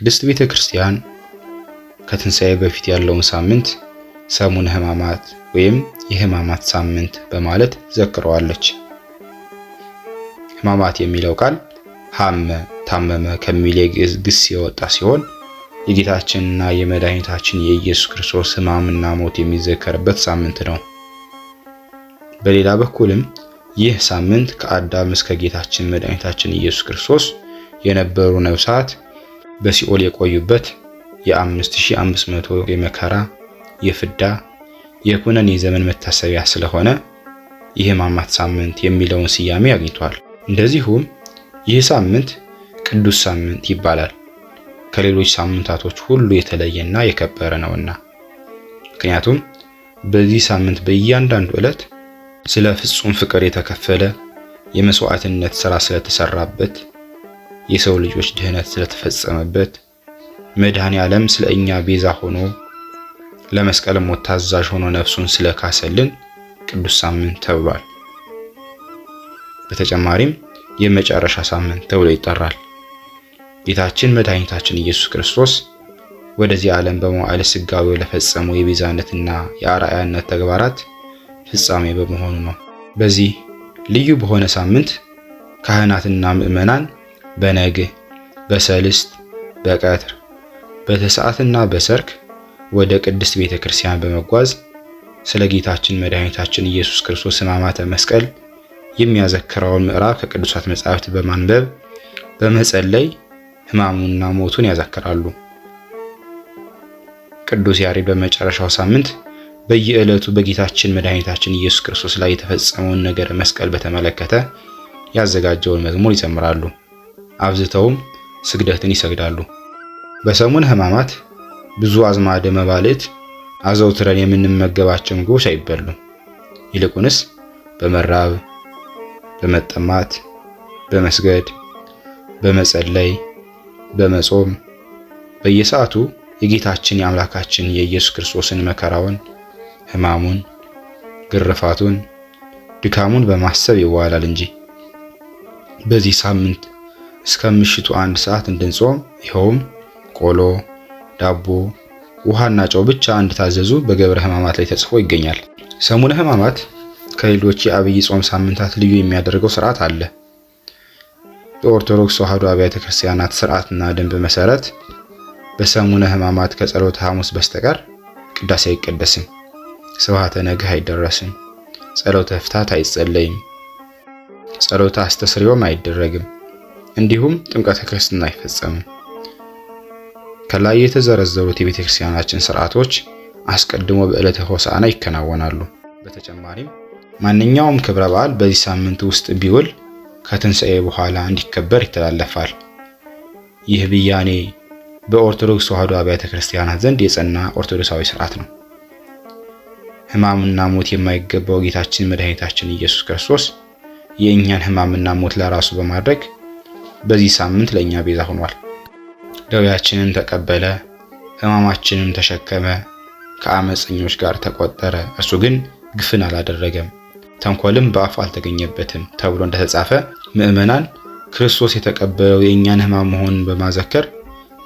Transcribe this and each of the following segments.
ቅድስት ቤተ ክርስቲያን ከትንሣኤ በፊት ያለውን ሳምንት ሰሙነ ሕማማት ወይም የሕማማት ሳምንት በማለት ዘክረዋለች። ሕማማት የሚለው ቃል ሐመ ታመመ ከሚል የግዕዝ ግስ የወጣ ሲሆን የጌታችንና የመድኃኒታችን የኢየሱስ ክርስቶስ ሕማምና ሞት የሚዘከርበት ሳምንት ነው። በሌላ በኩልም ይህ ሳምንት ከአዳም እስከ ጌታችን መድኃኒታችን ኢየሱስ ክርስቶስ የነበሩ ነፍሳት በሲኦል የቆዩበት የ5500 የመከራ የፍዳ የኩነኔ ዘመን መታሰቢያ ስለሆነ የሕማማት ሳምንት የሚለውን ስያሜ አግኝቷል። እንደዚሁም ይህ ሳምንት ቅዱስ ሳምንት ይባላል ከሌሎች ሳምንታቶች ሁሉ የተለየና የከበረ ነውና። ምክንያቱም በዚህ ሳምንት በእያንዳንዱ ዕለት ስለ ፍጹም ፍቅር የተከፈለ የመስዋዕትነት ሥራ ስለተሰራበት የሰው ልጆች ድህነት ስለተፈጸመበት መድኃኔ ዓለም ስለ እኛ ቤዛ ሆኖ ለመስቀል ሞት ታዛዥ ሆኖ ነፍሱን ስለካሰልን ቅዱስ ሳምንት ተብሏል። በተጨማሪም የመጨረሻ ሳምንት ተብሎ ይጠራል። ጌታችን መድኃኒታችን ኢየሱስ ክርስቶስ ወደዚህ ዓለም በመዋዕለ ሥጋዌው ለፈጸመው የቤዛነትና የአርአያነት ተግባራት ፍጻሜ በመሆኑ ነው። በዚህ ልዩ በሆነ ሳምንት ካህናትና ምዕመናን በነግህ በሰልስት በቀትር በተሰዓትና በሰርክ ወደ ቅድስት ቤተ ክርስቲያን በመጓዝ ስለ ጌታችን መድኃኒታችን ኢየሱስ ክርስቶስ ሕማማተ መስቀል የሚያዘክረውን ምዕራፍ ከቅዱሳት መጻሕፍት በማንበብ በመጸለይ ህማሙና ሞቱን ያዘክራሉ። ቅዱስ ያሬድ በመጨረሻው ሳምንት በየዕለቱ በጌታችን መድኃኒታችን ኢየሱስ ክርስቶስ ላይ የተፈጸመውን ነገረ መስቀል በተመለከተ ያዘጋጀውን መዝሙር ይዘምራሉ። አብዝተውም ስግደትን ይሰግዳሉ። በሰሙን ሕማማት ብዙ አዝማደ መባልት አዘውትረን የምንመገባቸው ምግቦች አይበሉም። ይልቁንስ በመራብ በመጠማት በመስገድ በመጸለይ በመጾም በየሰዓቱ የጌታችን የአምላካችን የኢየሱስ ክርስቶስን መከራውን፣ ሕማሙን፣ ግርፋቱን፣ ድካሙን በማሰብ ይዋላል እንጂ በዚህ ሳምንት እስከ ምሽቱ አንድ ሰዓት እንድንጾም ይኸውም ቆሎ፣ ዳቦ፣ ውሃና ጨው ብቻ እንድታዘዙ በገብረ ሕማማት ላይ ተጽፎ ይገኛል። ሰሙነ ሕማማት ከሌሎች የአብይ ጾም ሳምንታት ልዩ የሚያደርገው ስርዓት አለ። በኦርቶዶክስ ተዋሕዶ አብያተ ክርስቲያናት ስርዓትና ደንብ መሰረት በሰሙነ ሕማማት ከጸሎተ ሐሙስ በስተቀር ቅዳሴ አይቀደስም፣ ስብሐተ ነግህ አይደረስም፣ ጸሎተ ፍታት አይጸለይም፣ ጸሎተ አስተስሪዮም አይደረግም። እንዲሁም ጥምቀተ ክርስትና አይፈጸምም። ከላይ የተዘረዘሩት የቤተክርስቲያናችን ስርዓቶች አስቀድሞ በዕለተ ሆሳዕና ይከናወናሉ። በተጨማሪም ማንኛውም ክብረ በዓል በዚህ ሳምንት ውስጥ ቢውል ከትንሣኤ በኋላ እንዲከበር ይተላለፋል። ይህ ብያኔ በኦርቶዶክስ ተዋሕዶ አብያተ ክርስቲያናት ዘንድ የጸና ኦርቶዶክሳዊ ስርዓት ነው። ሕማምና ሞት የማይገባው ጌታችን መድኃኒታችን ኢየሱስ ክርስቶስ የእኛን ሕማምና ሞት ለራሱ በማድረግ በዚህ ሳምንት ለእኛ ቤዛ ሆኗል። ደዌያችንን ተቀበለ፣ ሕማማችንም ተሸከመ፣ ከአመፀኞች ጋር ተቆጠረ። እርሱ ግን ግፍን አላደረገም፣ ተንኮልም በአፉ አልተገኘበትም ተብሎ እንደተጻፈ ምዕመናን ክርስቶስ የተቀበለው የእኛን ሕማም መሆኑን በማዘከር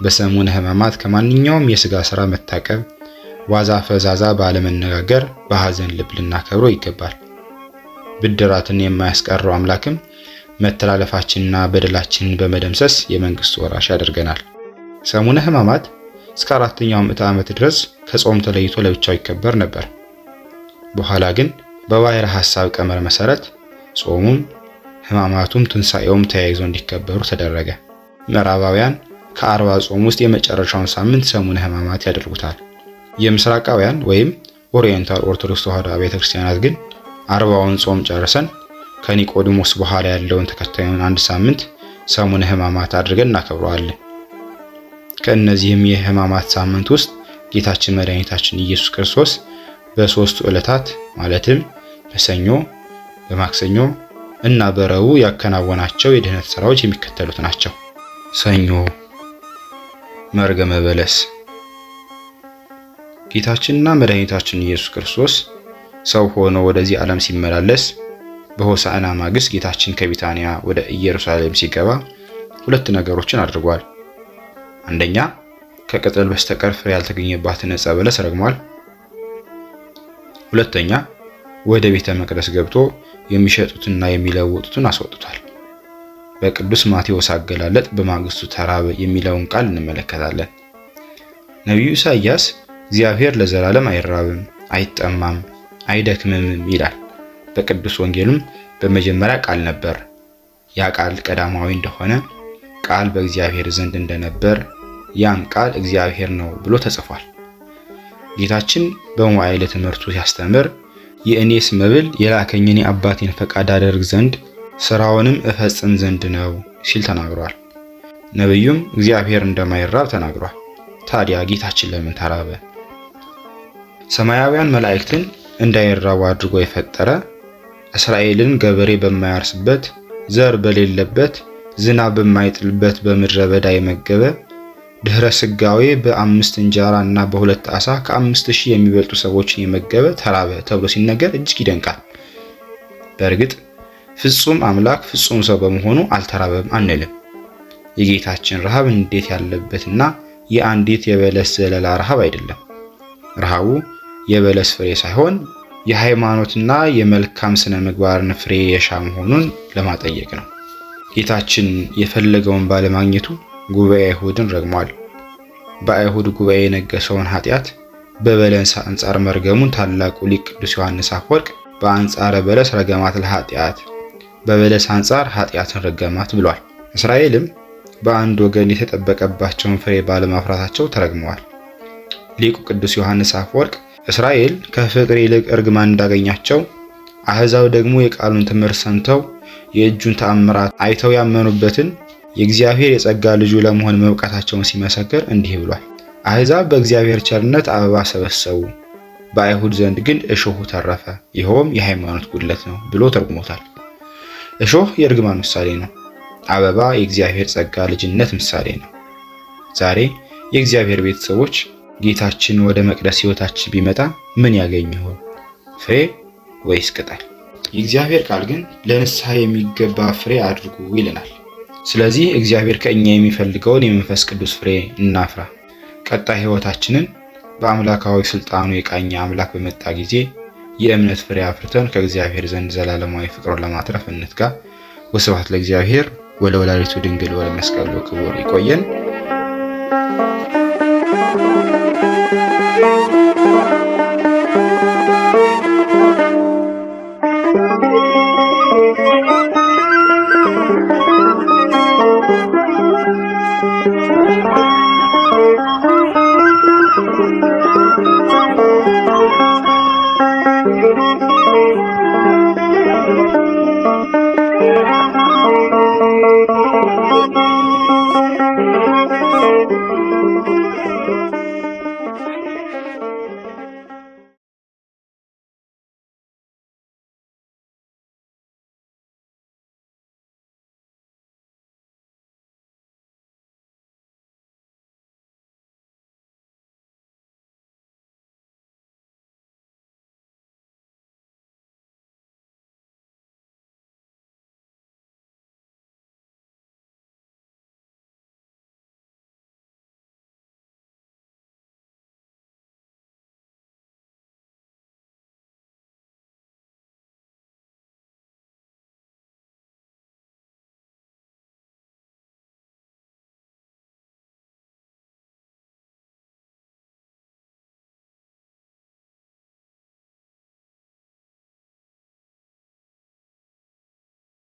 በሰሙነ ሕማማት ከማንኛውም የሥጋ ሥራ መታቀብ፣ ዋዛ ፈዛዛ ባለመነጋገር በሐዘን ልብ ልናከብረው ይገባል። ብድራትን የማያስቀረው አምላክም መተላለፋችንና በደላችንን በመደምሰስ የመንግስት ወራሽ ያደርገናል። ሰሙነ ሕማማት እስከ አራተኛው ምዕተ ዓመት ድረስ ከጾም ተለይቶ ለብቻው ይከበር ነበር። በኋላ ግን በባይረ ሐሳብ ቀመር መሰረት ጾሙም ሕማማቱም ትንሣኤውም ተያይዞ እንዲከበሩ ተደረገ። ምዕራባውያን ከአርባ ጾም ውስጥ የመጨረሻውን ሳምንት ሰሙነ ሕማማት ያደርጉታል። የምስራቃውያን ወይም ኦሪየንታል ኦርቶዶክስ ተዋሕዶ ቤተክርስቲያናት ግን አርባውን ጾም ጨርሰን ከኒቆዲሞስ በኋላ ያለውን ተከታዩን አንድ ሳምንት ሰሙነ ሕማማት አድርገን እናከብረዋለን። ከእነዚህም የሕማማት ሳምንት ውስጥ ጌታችን መድኃኒታችን ኢየሱስ ክርስቶስ በሦስቱ ዕለታት ማለትም በሰኞ፣ በማክሰኞ እና በረቡዕ ያከናወናቸው የድህነት ሥራዎች የሚከተሉት ናቸው። ሰኞ፣ መርገመ በለስ። ጌታችንና መድኃኒታችን ኢየሱስ ክርስቶስ ሰው ሆኖ ወደዚህ ዓለም ሲመላለስ በሆሳዕና ማግስት ጌታችን ከቢታንያ ወደ ኢየሩሳሌም ሲገባ ሁለት ነገሮችን አድርጓል። አንደኛ ከቅጠል በስተቀር ፍሬ ያልተገኘባትን ዕፀ በለስ ረግሟል። ሁለተኛ ወደ ቤተ መቅደስ ገብቶ የሚሸጡትና የሚለውጡትን አስወጥቷል። በቅዱስ ማቴዎስ አገላለጥ በማግስቱ ተራበ የሚለውን ቃል እንመለከታለን። ነቢዩ ኢሳይያስ እግዚአብሔር ለዘላለም አይራብም፣ አይጠማም፣ አይደክምም ይላል። በቅዱስ ወንጌልም በመጀመሪያ ቃል ነበር፣ ያ ቃል ቀዳማዊ እንደሆነ ቃል በእግዚአብሔር ዘንድ እንደነበር ያም ቃል እግዚአብሔር ነው ብሎ ተጽፏል። ጌታችን በመዋዕለ ትምህርቱ ሲያስተምር የእኔስ መብል የላከኝን የአባቴን ፈቃድ አደርግ ዘንድ ስራውንም እፈጽም ዘንድ ነው ሲል ተናግሯል። ነቢዩም እግዚአብሔር እንደማይራብ ተናግሯል። ታዲያ ጌታችን ለምን ተራበ? ሰማያውያን መላእክትን እንዳይራቡ አድርጎ የፈጠረ እስራኤልን ገበሬ በማያርስበት ዘር በሌለበት ዝናብ በማይጥልበት በምድረ በዳ የመገበ ድኅረ ስጋዌ በአምስት እንጀራ እና በሁለት ዓሣ ከአምስት ሺህ የሚበልጡ ሰዎችን የመገበ ተራበ ተብሎ ሲነገር እጅግ ይደንቃል። በእርግጥ ፍጹም አምላክ ፍጹም ሰው በመሆኑ አልተራበም አንልም። የጌታችን ረሃብ እንዴት ያለበትና የአንዲት የበለስ ዘለላ ረሃብ አይደለም። ረሃቡ የበለስ ፍሬ ሳይሆን የሃይማኖትና የመልካም ስነ ምግባርን ፍሬ የሻ መሆኑን ለማጠየቅ ነው። ጌታችን የፈለገውን ባለማግኘቱ ጉባኤ አይሁድን ረግሟል። በአይሁድ ጉባኤ የነገሰውን ኃጢአት በበለስ አንጻር መርገሙን ታላቁ ሊቅ ቅዱስ ዮሐንስ አፈወርቅ በአንጻረ በለስ ረገማት ለኃጢአት በበለስ አንጻር ኃጢአትን ረገማት ብሏል። እስራኤልም በአንድ ወገን የተጠበቀባቸውን ፍሬ ባለማፍራታቸው ተረግመዋል። ሊቁ ቅዱስ ዮሐንስ አፈወርቅ እስራኤል ከፍቅር ይልቅ እርግማን እንዳገኛቸው አህዛብ ደግሞ የቃሉን ትምህርት ሰምተው የእጁን ተአምራት አይተው ያመኑበትን የእግዚአብሔር የጸጋ ልጁ ለመሆን መብቃታቸውን ሲመሰክር እንዲህ ብሏል። አህዛብ በእግዚአብሔር ቸርነት አበባ ሰበሰቡ፣ በአይሁድ ዘንድ ግን እሾሁ ተረፈ፣ ይኸውም የሃይማኖት ጉድለት ነው ብሎ ተርጉሞታል። እሾህ የእርግማን ምሳሌ ነው። አበባ የእግዚአብሔር ጸጋ ልጅነት ምሳሌ ነው። ዛሬ የእግዚአብሔር ቤተሰቦች ጌታችን ወደ መቅደስ ሕይወታችን ቢመጣ ምን ያገኝ ይሆን? ፍሬ ወይስ ቅጠል? የእግዚአብሔር ቃል ግን ለንስሐ የሚገባ ፍሬ አድርጉ ይለናል። ስለዚህ እግዚአብሔር ከእኛ የሚፈልገውን የመንፈስ ቅዱስ ፍሬ እናፍራ። ቀጣይ ሕይወታችንን በአምላካዊ ስልጣኑ የቃኘ አምላክ በመጣ ጊዜ የእምነት ፍሬ አፍርተን ከእግዚአብሔር ዘንድ ዘላለማዊ ፍቅሩን ለማትረፍ እንትጋ። ወስብሐት ለእግዚአብሔር ወለወላዲቱ ድንግል ወለመስቀሉ ክቡር። ይቆየን። Thank you.